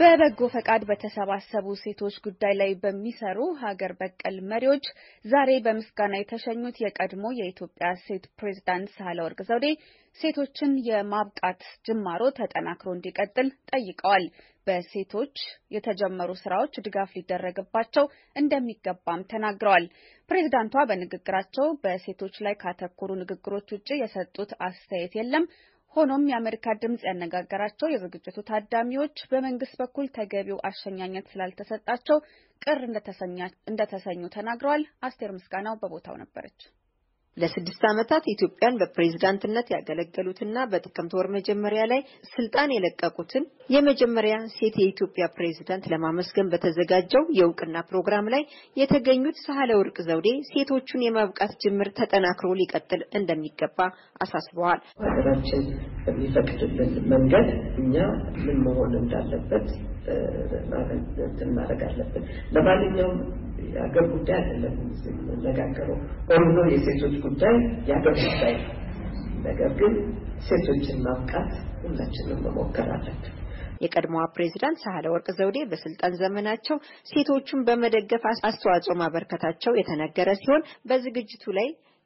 በበጎ ፈቃድ በተሰባሰቡ ሴቶች ጉዳይ ላይ በሚሰሩ ሀገር በቀል መሪዎች ዛሬ በምስጋና የተሸኙት የቀድሞ የኢትዮጵያ ሴት ፕሬዝዳንት ሳህለወርቅ ዘውዴ ሴቶችን የማብቃት ጅማሮ ተጠናክሮ እንዲቀጥል ጠይቀዋል። በሴቶች የተጀመሩ ስራዎች ድጋፍ ሊደረግባቸው እንደሚገባም ተናግረዋል። ፕሬዚዳንቷ በንግግራቸው በሴቶች ላይ ካተኮሩ ንግግሮች ውጭ የሰጡት አስተያየት የለም። ሆኖም የአሜሪካ ድምፅ ያነጋገራቸው የዝግጅቱ ታዳሚዎች በመንግስት በኩል ተገቢው አሸኛኘት ስላልተሰጣቸው ቅር እንደተሰኙ ተናግረዋል። አስቴር ምስጋናው በቦታው ነበረች። ለስድስት ዓመታት ኢትዮጵያን በፕሬዝዳንትነት ያገለገሉትና በጥቅምት ወር መጀመሪያ ላይ ስልጣን የለቀቁትን የመጀመሪያ ሴት የኢትዮጵያ ፕሬዝዳንት ለማመስገን በተዘጋጀው የእውቅና ፕሮግራም ላይ የተገኙት ሳህለ ወርቅ ዘውዴ ሴቶቹን የማብቃት ጅምር ተጠናክሮ ሊቀጥል እንደሚገባ አሳስበዋል። ሀገራችን በሚፈቅድልን መንገድ እኛ ምን መሆን እንዳለበት ማድረግ አለብን። ለማንኛውም የአገር ጉዳይ አይደለም የምንነጋገረው። ኦሮሞ የሴቶች ጉዳይ የአገር ጉዳይ ነው። ነገር ግን ሴቶችን ማብቃት ሁላችንም መሞከር አለብን። የቀድሞዋ ፕሬዚዳንት ሳህለ ወርቅ ዘውዴ በስልጣን ዘመናቸው ሴቶቹን በመደገፍ አስተዋጽኦ ማበርከታቸው የተነገረ ሲሆን በዝግጅቱ ላይ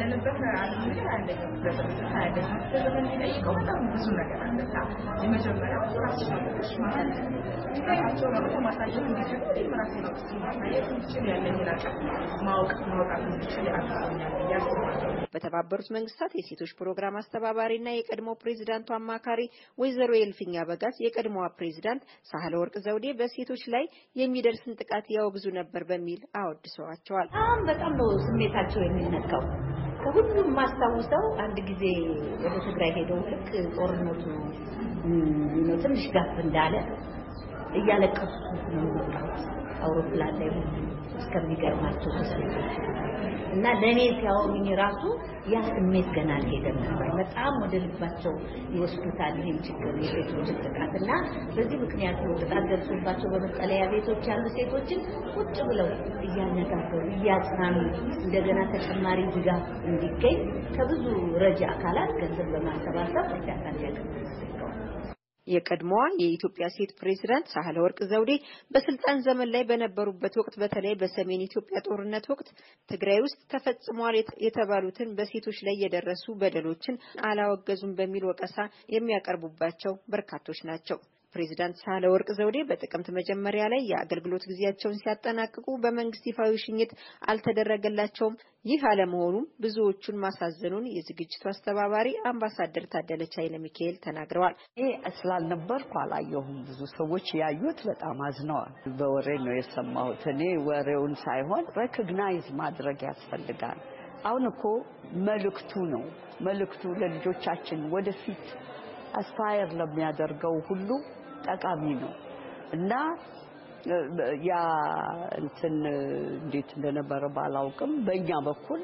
ያለንበት ላይ አንደኛው ዘመን ዘመን የሚጠይቀው በጣም ብዙ ነገር አለና የመጀመሪያው ራሳቸው ማሳየት እንዲችሉ ወይም ራሴ ማሳየት እንዲችል ያለኝን አቅም ማወቅ ማውጣት እንዲችል በተባበሩት መንግስታት የሴቶች ፕሮግራም አስተባባሪ እና የቀድሞ ፕሬዚዳንቱ አማካሪ ወይዘሮ የልፍኛ በጋዝ የቀድሞዋ ፕሬዚዳንት ሳህለ ወርቅ ዘውዴ በሴቶች ላይ የሚደርስን ጥቃት ያወግዙ ነበር በሚል አወድሰዋቸዋል። በጣም ነው ስሜታቸው የሚነካው። ከሁሉም ማስታውሰው አንድ ጊዜ ወደ ትግራይ ሄደው ልክ ጦርነቱ ትንሽ ጋፍ እንዳለ እያለቀሱ ነው የወጣሁት አውሮፕላን ላይ እስከሚገርማቸው ተሰልፈው እና ለእኔ ሲያወሩኝ ራሱ ያ ስሜት ገና አልሄደም ነበር። በጣም ወደ ልባቸው ይወስዱታል። ይህን ችግር የሴቶችን ጥቃት እና በዚህ ምክንያት ነው ጥቃት ደርሶባቸው በመጠለያ ቤቶች ያሉ ሴቶችን ቁጭ ብለው እያነጋገሩ እያጽናኑ እንደገና ተጨማሪ ድጋፍ እንዲገኝ ከብዙ ረጃ አካላት ገንዘብ በማሰባሰብ እርዳታ እንዲያቀርቡ የቀድሞዋ የኢትዮጵያ ሴት ፕሬዝዳንት ሳህለ ወርቅ ዘውዴ በስልጣን ዘመን ላይ በነበሩበት ወቅት በተለይ በሰሜን ኢትዮጵያ ጦርነት ወቅት ትግራይ ውስጥ ተፈጽሟል የተባሉትን በሴቶች ላይ የደረሱ በደሎችን አላወገዙም በሚል ወቀሳ የሚያቀርቡባቸው በርካቶች ናቸው። ፕሬዚዳንት ሳህለወርቅ ዘውዴ በጥቅምት መጀመሪያ ላይ የአገልግሎት ጊዜያቸውን ሲያጠናቅቁ በመንግስት ይፋዊ ሽኝት አልተደረገላቸውም። ይህ አለመሆኑም ብዙዎቹን ማሳዘኑን የዝግጅቱ አስተባባሪ አምባሳደር ታደለች ኃይለ ሚካኤል ተናግረዋል። ይህ ስላልነበርኩ አላየሁም። ብዙ ሰዎች ያዩት በጣም አዝነዋል። በወሬ ነው የሰማሁት። እኔ ወሬውን ሳይሆን ሬኮግናይዝ ማድረግ ያስፈልጋል። አሁን እኮ መልእክቱ ነው መልእክቱ ለልጆቻችን ወደፊት አስፓየር ለሚያደርገው ሁሉ ጠቃሚ ነው እና ያ እንትን እንዴት እንደነበረ ባላውቅም በእኛ በኩል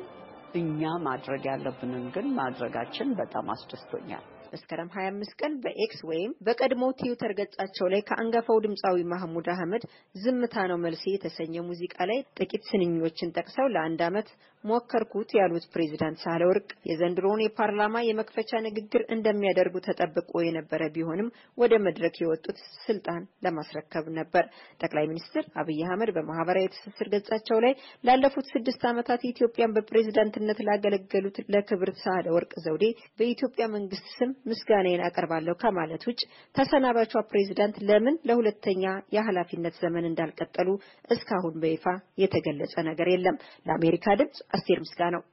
እኛ ማድረግ ያለብንን ግን ማድረጋችን በጣም አስደስቶኛል። መስከረም 25 ቀን በኤክስ ወይም በቀድሞ ትዊተር ገጻቸው ላይ ከአንጋፋው ድምፃዊ ማህሙድ አህመድ ዝምታ ነው መልሴ የተሰኘ ሙዚቃ ላይ ጥቂት ስንኞችን ጠቅሰው ለአንድ ዓመት ሞከርኩት ያሉት ፕሬዚዳንት ሳህለወርቅ የዘንድሮውን የፓርላማ የመክፈቻ ንግግር እንደሚያደርጉ ተጠብቆ የነበረ ቢሆንም ወደ መድረክ የወጡት ስልጣን ለማስረከብ ነበር። ጠቅላይ ሚኒስትር አብይ አህመድ በማህበራዊ ትስስር ገጻቸው ላይ ላለፉት ስድስት ዓመታት ኢትዮጵያን በፕሬዚዳንትነት ላገለገሉት ለክብር ሳህለወርቅ ዘውዴ በኢትዮጵያ መንግስት ስም ምስጋናዬን አቀርባለሁ ከማለት ውጭ ተሰናባቿ ፕሬዚዳንት ለምን ለሁለተኛ የኃላፊነት ዘመን እንዳልቀጠሉ እስካሁን በይፋ የተገለጸ ነገር የለም። ለአሜሪካ ድምፅ አስቴር ምስጋናው